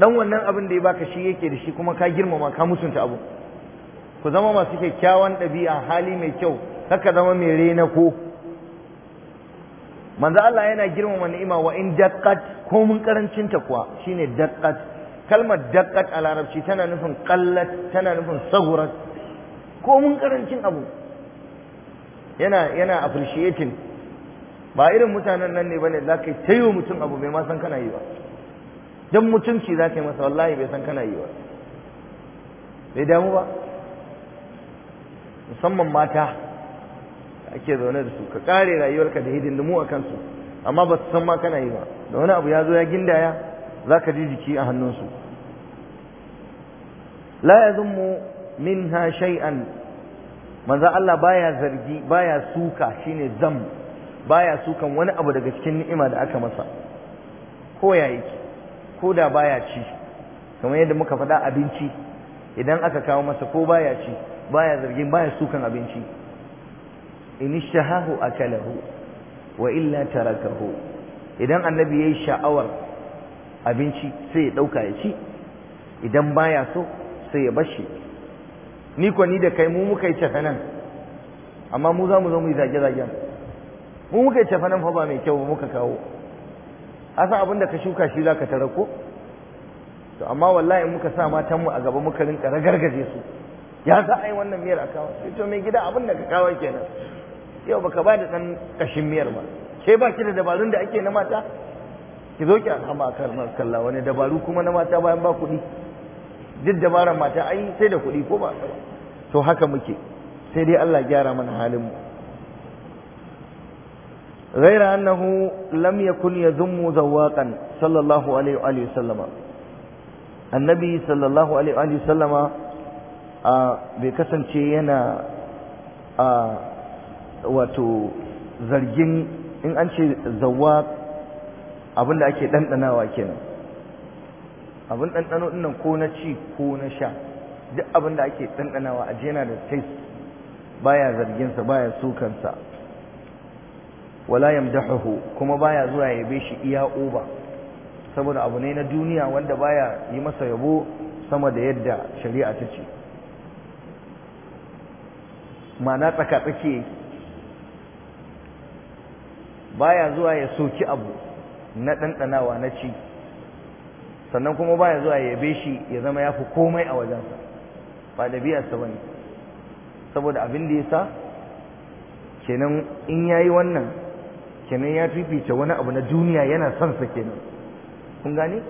dan wannan abin da ya baka shi yake da shi kuma ka girmama ka mutunta abu ku zama masu kyakkyawan ɗabi'a hali mai kyau haka zama mai rena ko manzo Allah yana girmama ni'ima wa in daqqat ko mun karancin ta kuwa shine daqqat kalmar daqqat a larabci tana nufin qallat tana nufin sahurat ko mun karancin abu yana yana appreciating ba irin mutanen nan ne bane za ka yi wa mutum abu bai ma san kana yi ba dan mutunci za ka yi masa wallahi bai san kana yi ba bai damu ba musamman mata ake zaune da su ka kare rayuwarka da hidindimu a kansu amma ba su san ma kana yi ba da wani abu ya zo ya gindaya za ka ji jiki a hannunsu la ya zummu min ha shay'an manzo Allah baya zargi baya suka shine zam baya sukan wani abu daga cikin ni'ima da aka masa ko ya yi ko da baya ci kamar yadda muka faɗa abinci idan aka kawo masa ko baya ci baya zargin baya sukan abinci in shahahu akalahu wa illa tarakahu idan annabi yayi sha'awar abinci sai ya dauka ya ci idan baya so sai ya bashi ni ko ni da kai mu muka yi cafanan amma mu za mu zo mu yi zage-zagen mu muka ce fa nan fa ba mai kyau muka kawo asa abinda ka shuka shi zaka tara ko to amma wallahi muka sa matan mu a gaba muka rinka ragargaje su ya za a yi wannan miyar a kawo sai to mai gida abinda ka kawo kenan yau baka ba da dan kashin miyar ba ke ba ki da dabarun da ake na mata ki zo ki alhama a kan wani dabaru kuma na mata bayan ba kuɗi duk dabaran mata ai sai da kuɗi ko ba to haka muke sai dai Allah gyara mana halin mu غير أنه لم يكن يذم ذواقا صلى الله عليه وآله وسلم النبي صلى الله عليه وآله وسلم بكسن شيئنا wato zargin in an ce zawa abinda ake ɗanɗanawa kenan abin ɗanɗano ɗinnan ko na ci ko na sha duk abinda ake ɗanɗanawa a jena da taste baya zarginsa baya sukansa wala yamdahu kuma baya zuwa yabe shi iya uba saboda abu ne na duniya wanda baya yi masa yabo sama da yadda shari'a ta ce ma'ana tsaka-tsake baya zuwa ya soki abu na ɗanɗanawa na ci sannan kuma baya zuwa ya yabe shi ya zama yafi komai a wajensa ba da ɗabi'arsa ba ne saboda abin da ya sa kenan in yayi wannan kenan ya fifice wani abu na duniya yana son sa kenan kun gane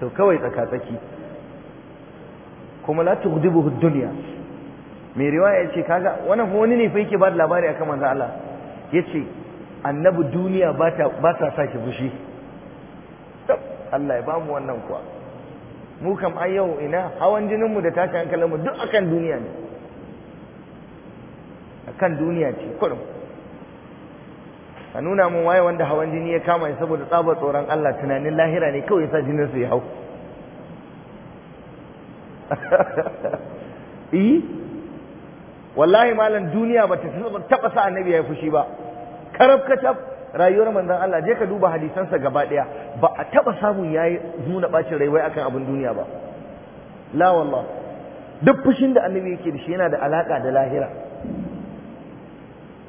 to kawai tsakatsaki kuma la tughdibuhu ad-dunya mai riwaya yace kaga wannan wani ne fa yake ba da labari akan manzo Allah yace annabi duniya ba ta ba ta saki fushi Allah ya bamu wannan kuwa mu kam ai yau ina hawan jinin mu da tashi hankalin mu duk akan duniya ne akan duniya ce kurum a nuna mun waye wanda hawan jini ya kama ya saboda tsabar tsoron Allah tunanin lahira ne kawai sa jinin su ya hau eh wallahi malam duniya bata taba sa annabi ya fushi ba karab katab rayuwar manzon Allah je ka duba hadisansa gaba daya ba a taba samun yayi nuna bacin rai wai akan abin duniya ba la wallah duk fushin da annabi yake da shi yana da alaka da lahira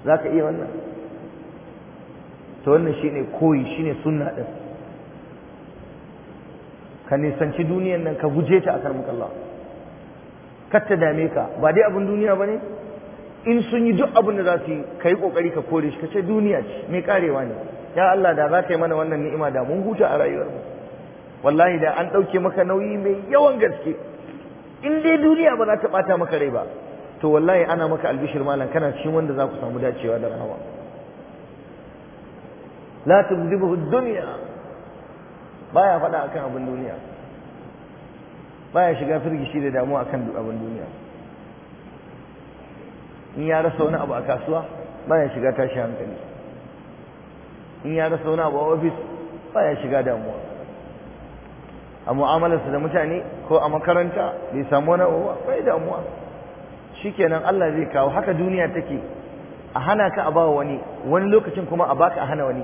zaka iya wannan to wannan shi ne koyi ne suna ɗin ka nisanci duniyan nan ka guje ta a mukalla kar dame ka ba dai abin duniya bane in sun yi duk abin da za su yi ka yi ƙoƙari ka kore shi ka ce duniya ce mai karewa ne ya Allah da za ka yi mana wannan ni'ima da mun huta a rayuwarmu wallahi da an ɗauke maka nauyi mai yawan gaske in dai duniya ba za ta ɓata maka rai ba to wallahi ana maka albishir malam kana cikin wanda za ku samu dacewa da rahama la tubdibuhu dunya baya faɗa akan abin duniya baya shiga firgishi da damuwa akan abin duniya in ya rasa wani abu a kasuwa baya shiga tashi hankali in ya rasa wani abu a ofis baya shiga damuwa a mu'amalarsa da mutane ko a makaranta bai samu wani abu bai damuwa shikenan Allah zai kawo haka duniya take a hana ka a ba wani wani lokacin kuma a baka a hana wani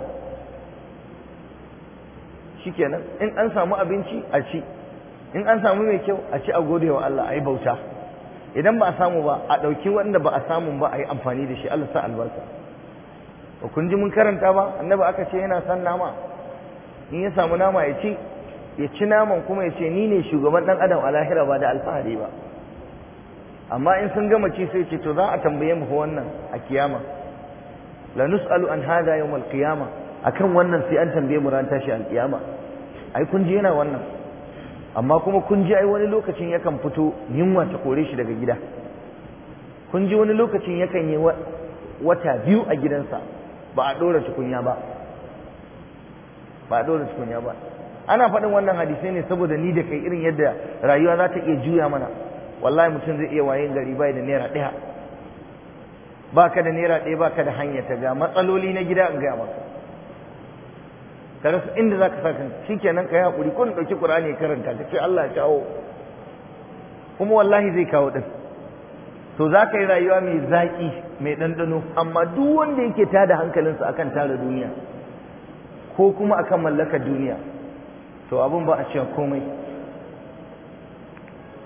shikenan in an samu abinci a ci in an samu mai kyau a ci a gode wa Allah a bauta idan ba a samu ba a ɗauki wanda ba a samu ba a yi amfani da shi Allah sa albarka ba kun ji mun karanta ba annabi aka ce yana san nama in ya samu nama ya ci ya ci naman kuma ya ce ni ne shugaban ɗan adam a lahira ba da alfahari ba amma in sun gama ci sai ce to za a tambaye mu wannan a kiyama la nus'alu an hada yawm al-qiyamah akan wannan sai an tambaye mu ran tashi alkiyama ai kun ji yana wannan amma kuma kun ji ai wani lokacin yakan fito yunwa ta kore shi daga gida kun ji wani lokacin yakan yi wata biyu a gidansa ba a dora tukunya ba ba a dora tukunya ba ana faɗin wannan hadisai ne saboda ni da kai irin yadda rayuwa za ta iya juya mana wallahi mutum zai iya wayen gari bai da naira ɗaya ba ka da naira ɗaya ba ka da hanya ta ga matsaloli na gida in gaya maka ka rasa inda za ka sa kanka shikenan ka yi haƙuri, ko ɗauki ƙura'ani karanta ka ce Allah ya kuma wallahi zai kawo ɗin to za ka yi rayuwa mai zaƙi mai ɗanɗano amma duk wanda yake tada hankalinsa kan tara duniya ko kuma a kan mallakar duniya to abin ba a cewa komai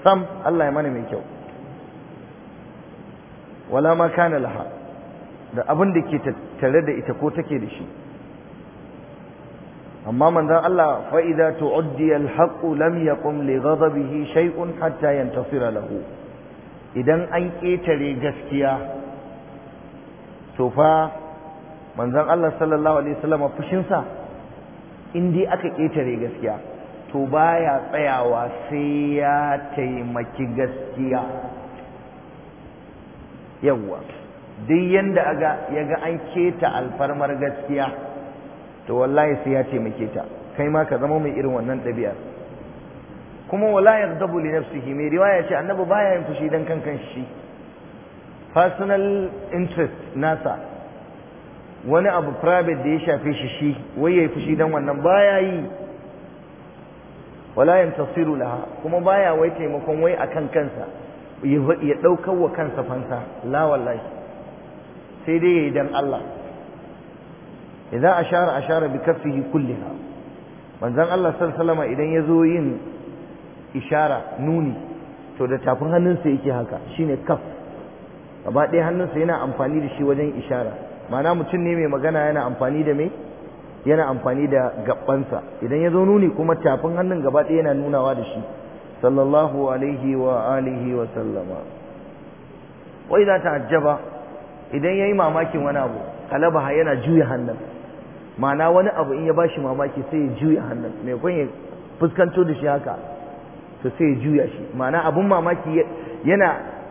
sam Allah ya mana mai kyau wala ma kana laha da abin da ke tattare da ita ko take da shi amma manzon Allah fa idza tu'addi al-haqq lam yaqum li ghadabihi shay'un hatta yantasira lahu idan an ketare gaskiya to fa manzon Allah sallallahu alaihi wasallam fushin sa in aka ketare gaskiya to baya tsayawa sai ya taimaki gaskiya yawwa duk yanda aga yaga an keta alfarmar gaskiya to wallahi sai ya taimake ta kai ma ka zama mai irin wannan ɗabi'ar kuma wala yaghdabu li nafsihi mai riwaya ce annabi baya yin fushi dan kankan shi personal interest nasa wani abu private da ya shafe shi shi wai yayi fushi dan wannan baya yi wala yantasiru laha kuma baya wai taimakon wai akan kansa ya daukar wa kansa fansa la wallahi sai dai yayi dan Allah idza ashara ashara bi kaffihi kulliha manzon Allah sallallahu alaihi idan yazo yin ishara nuni to da tafin hannunsa yake haka shine kaf gaba ɗaya hannunsa yana amfani da shi wajen ishara ma'ana mutum ne mai magana yana amfani da mai yana amfani da gabansa idan yazo nuni kuma tafin hannun gaba ɗaya yana nunawa da shi sallallahu alaihi wa alihi wa sallama wai za ta ajaba idan ya yi mamakin wani abu kalabaha yana juya hannun ma'ana wani abu in ya bashi mamaki sai ya juya hannun mai kun ya fuskanto da shi haka to sai ya juya shi ma'ana abun mamaki yana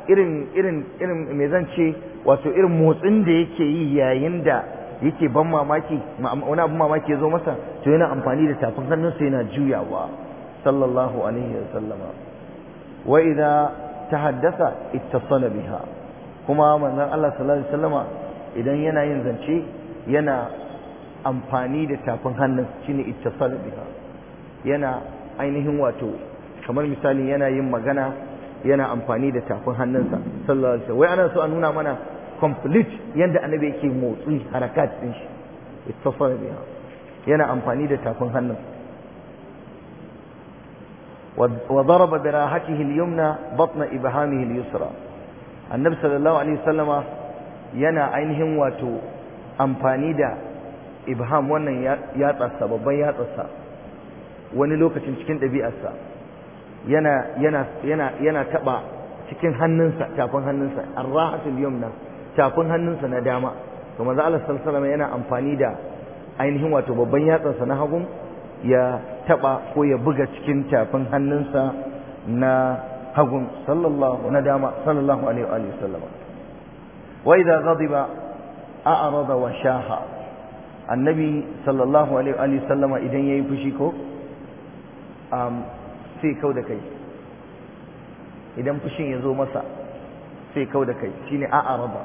irin irin irin me zan ce wato irin motsin da yake yi yayin da yake ban mamaki wani abun mamaki ya zo masa to yana amfani da tafin sai yana juyawa sallallahu alaihi wa sallama wa idza tahaddasa ittasala biha kuma manzon Allah sallallahu alaihi wasallama idan yana yin zance yana amfani da tafin hannun shi shine ittisal biha yana ainihin wato kamar misali yana yin magana yana amfani da tafin hannunsa sallallahu alaihi wai ana so a nuna mana complete yanda annabi yake motsi harakat din shi ittisal biha yana amfani da tafin hannun wa daraba bi rahatihi al-yumna batna ibhamihi al-yusra annabi sallallahu alaihi wasallama yana ainihin wato amfani da ibham wannan yatsa babban ya wani lokacin cikin ɗabi'arsa yana yana yana yana taba cikin hannunsa tafin hannunsa arrahatul yumna tafin hannunsa na dama to manzo Allah sallallahu alaihi yana amfani da ainihin wato babban yatsansa na hagun ya taba ko ya buga cikin tafin hannunsa na hagun sallallahu na dama sallallahu alaihi wa sallama wa idza ghadiba a'rada wa shaha annabi sallallahu alaihi sallama idan ya yi fushi ko sai kau da kai idan fushin ya zo masa sai kau da kai shine a'a raba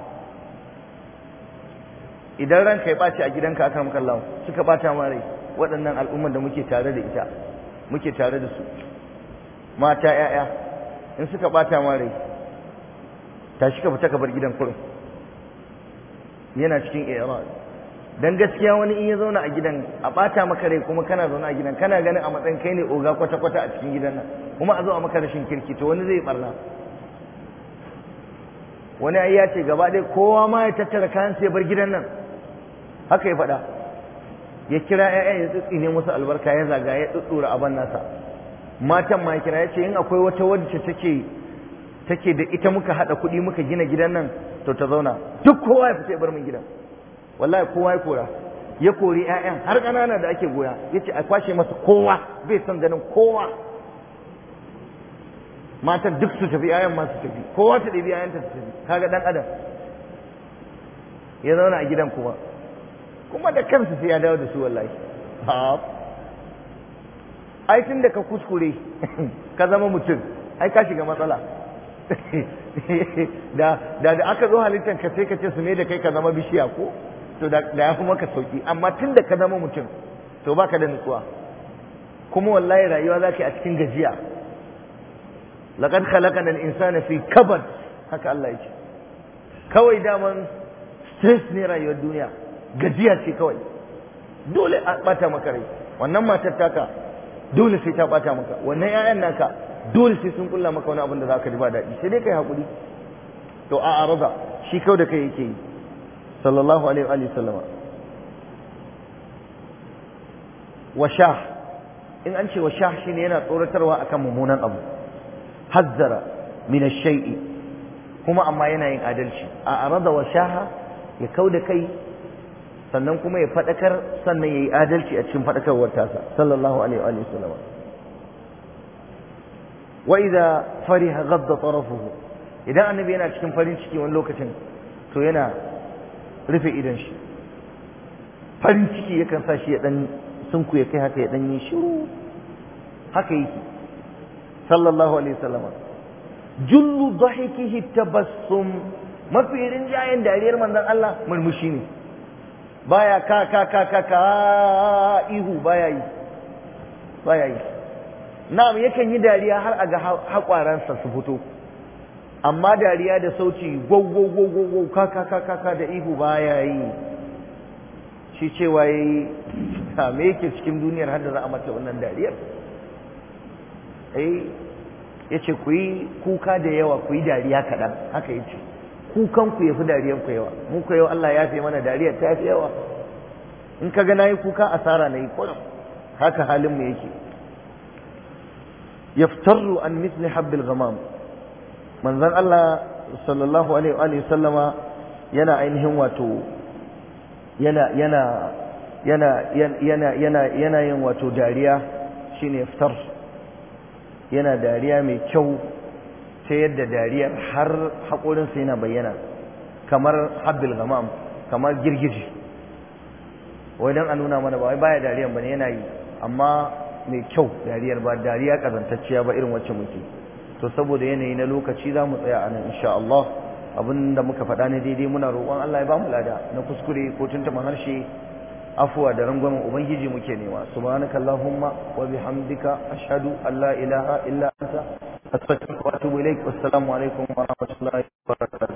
idan ran kai baci a gidanka aka maka Allah suka bata ma rai waɗannan al'ummar da muke tare da ita muke tare da su mata 'ya'ya in suka bata ma rai tashi ka fita ka bar gidan kurin yana cikin irad dan gaskiya wani in ya zauna a gidan a bata maka rai kuma kana zauna a gidan kana ganin a matsayin kai ne oga kwata kwata a cikin gidan nan kuma a zo a maka rashin kirki to wani zai barna wani ai ya ce gaba ɗaya kowa ma ya tattara kayan sai bar gidan nan haka ya faɗa ya kira ƴaƴan ya tsitsine musu albarka ya zaga ya tsutsura aban nasa matan ma kira ya ce in akwai wata wadda take take da ita muka haɗa kuɗi muka gina gidan nan to ta zauna duk kowa ya fita ya bar min gidan wallahi kowa ya kora ya kori ƴaƴan har ƙanana da ake goya yace a kwashe masa kowa bai san ganin kowa matan duk su tafi ƴaƴan ma su tafi kowa ta ɗebi ƴaƴanta su tafi kaga dan adam ya zauna a gidan kuma kuma da kansa sai ya dawo da su wallahi ai tun da ka kuskure ka zama mutum ai ka shiga matsala da da aka zo halittar ka sai ka ce su ne da kai ka zama bishiya ko to da ya fi maka sauki amma tun da ka zama mutum to ba ka da nutsuwa kuma wallahi rayuwa za ka yi a cikin gajiya laƙar insa na fi kabar haka Allah ya ce kawai daman stress ne rayuwar duniya gajiya ce kawai dole a ɓata maka rai wannan matar taka dole sai ta ɓata maka wannan 'ya'yan naka dole sai sun kulla maka wani abin da za ka ji ba daɗi sai dai ka yi haƙuri to a araba shi kawai da kai yake yi sallallahu alaihi wa sallama wa in an ce washah shah shine yana tsoratarwa akan mummunan abu hazzara min ash-shay'i kuma amma yana yin adalci a arada washaha ya kauda kai sannan kuma ya fadakar sannan yayi adalci a cikin fadakarwar tasa sallallahu alaihi wa sallama wa idza fariha ghadda tarafuhu idan annabi yana cikin farin ciki wani lokacin to yana rufe idan shi farin ciki yakan sa shi ya dan sunku ya kai haka ya dan yi shiru haka yake sallallahu alaihi wasallam jullu dhahikihi tabassum mafi rinjayen dariyar manzon Allah murmushi ne baya ka ka ka ka ka ihu baya yi baya yi na'am yakan yi dariya har a ga haƙwaransa su fito amma dariya da sauci gwagwagwagwagwau kakakakaka da ihu ba ya yi shi cewa ya yi same yake cikin duniyar har za a mata wannan dariyar ya ce ku yi kuka da yawa ku yi dariya kaɗan haka ya ce kukanku ya fi ku yawa mu ku yau Allah ya fi mana dariyar ta fi yawa in ka ga na yi kuka asara na yi kurin haka halinmu yake yaftarru an misli habbil ghamam manzon Allah sallallahu alaihi wa sallama yana ainihin wato yana yana yana yana yana yana yin wato dariya shine iftar yana dariya mai kyau ta yadda dariyar har haƙorinsa yana bayyana kamar habbil gamam kamar girgiji wai don a nuna mana ba wai baya dariyar ba yana yi amma mai kyau dariyar ba dariya ƙazantacciya ba irin wacce muke to saboda yanayi na lokaci za mu tsaya a nan insha Allah abin da muka faɗa ne daidai muna roƙon Allah ya ba mu lada na kuskure ko tunta harshe afuwa da rangwamen ubangiji muke nema subhanaka allahumma wa bihamdika ashhadu an la ilaha illa anta astaghfiruka wa atubu ilaik wassalamu alaikum wa rahmatullahi wa barakatuh